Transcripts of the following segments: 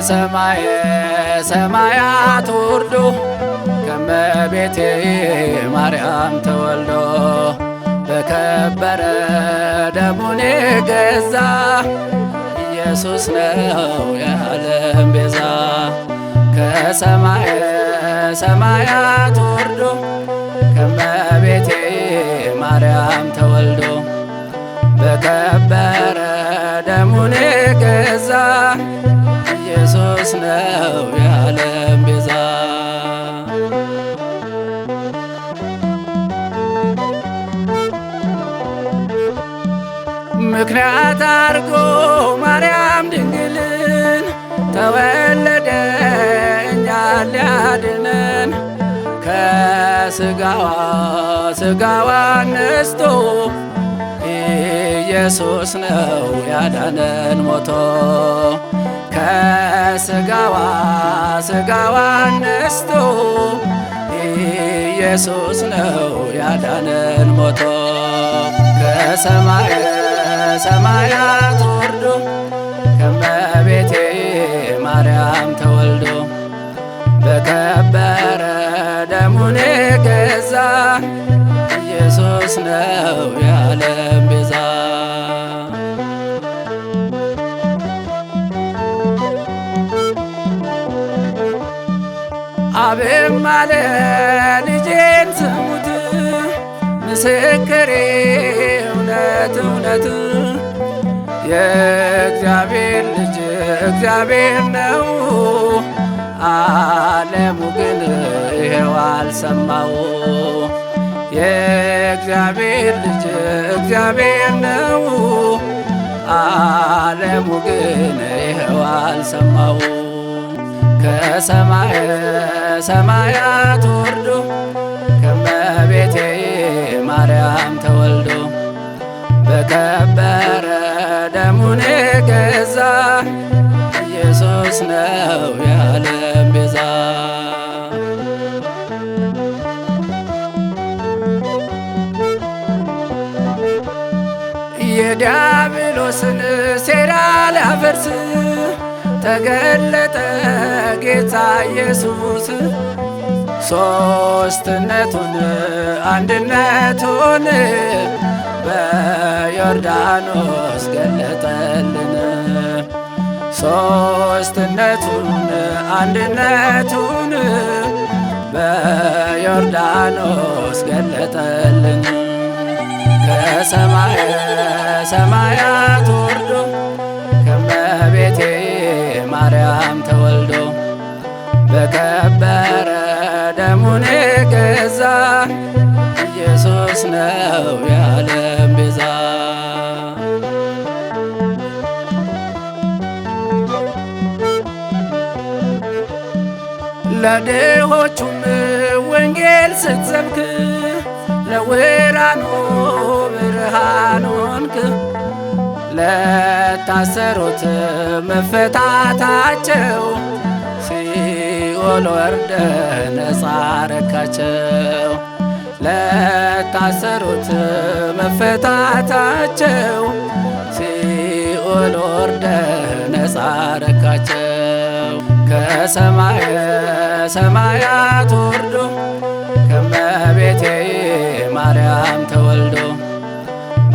ከሰማየ ሰማያት ውርዱ ከመቤቴ ማርያም ተወልዶ በከበረ ደሙኔ ገዛ ኢየሱስ ነው የዓለም ቤዛ ከሰማየ ሰማያት ውርዱ ከመቤቴ ማርያም ተወልዶ በከበረ ደሙኔ ገዛ ኢየሱስ ነው የዓለም ቤዛ ምክንያት አርጎ ማርያም ድንግልን ተወለደ እኛን ሊያድነን ከስጋዋ ስጋዋ ነስቶ ኢየሱስ ነው ያዳነን ሞቶ ከስጋዋ ስጋዋ አነስቶ ኢየሱስ ነው ያዳነን ሞቶ ከሰማየ ሰማያት ወርዶ ከመቤቴ ማርያም ተወልዶ በከበረ ደሙኔ ገዛ ኢየሱስ ነው ያለም ቤዛ አብም አለ ልጄን ስሙት፣ ምስክሬ እውነት እውነት የእግዚአብሔር ልጅ እግዚአብሔር ነው። ዓለሙ ግን ይኸው አልሰማው። የእግዚአብሔር ልጅ እግዚአብሔር ነው። ዓለሙ ግን ይኸው አልሰማው ከሰማይ ከሰማያት ወርዶ ከመቤቴ ማርያም ተወልዶ በከበረ ደሙን ገዛ ኢየሱስ ነው የዓለም ቤዛ። የዲያብሎስን ሴራ ሊያፈርስ ተገለጠ ጌታ ኢየሱስ ሶስትነቱን አንድነቱን በዮርዳኖስ ገለጠልን። ሶስትነቱን አንድነቱን በዮርዳኖስ ገለጠልን። ከሰማየ ሰማያት ወርዶ ማርያም ተወልዶ በከበረ ደሙን ገዛ ኢየሱስ ነው የዓለም ቤዛ። ለድሆቹም ወንጌል ስትሰብክ ለውራኑ ብርሃን ሆንክ ለታሰሩት መፈታታቸው ሲኦል ወርደ ነፃ ረካቸው። ለታሰሩት መፈታታቸው ሲኦል ወርደ ነፃ ረካቸው። ከሰማየ ሰማያት ወርዶ ከመቤቴ ማርያም ተወልዶ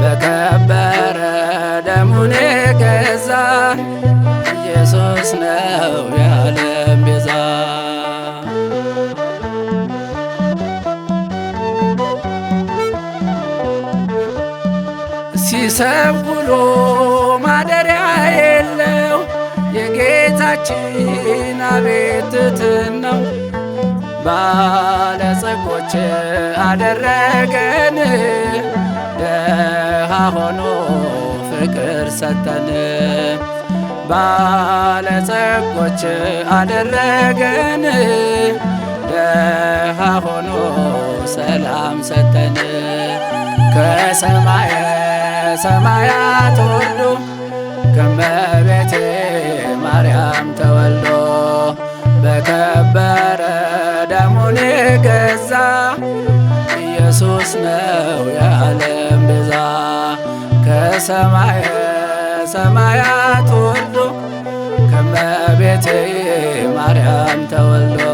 በከበረ ዓለሙን የገዛ ኢየሱስ ነው የዓለም ቤዛ። ሲሰብክ ማደሪያ የለው የጌታችን አቤት ትሕትናው ባለጸጎች አደረገን ደሃ ሆኖ ፍቅር ሰጠን። ባለጸጎች አደረገን፣ ደሃ ሆኖ ሰላም ሰጠን። ከሰማየ ሰማያት ወርዶ ከመቤቴ ማርያም ተወልዶ በከበረ ደሙን ገዛ ኢየሱስ ነው የዓለም ቤዛ። ከሰማይ ሰማያት ሁሉ ከመቤቴ ማርያም ተወልዶ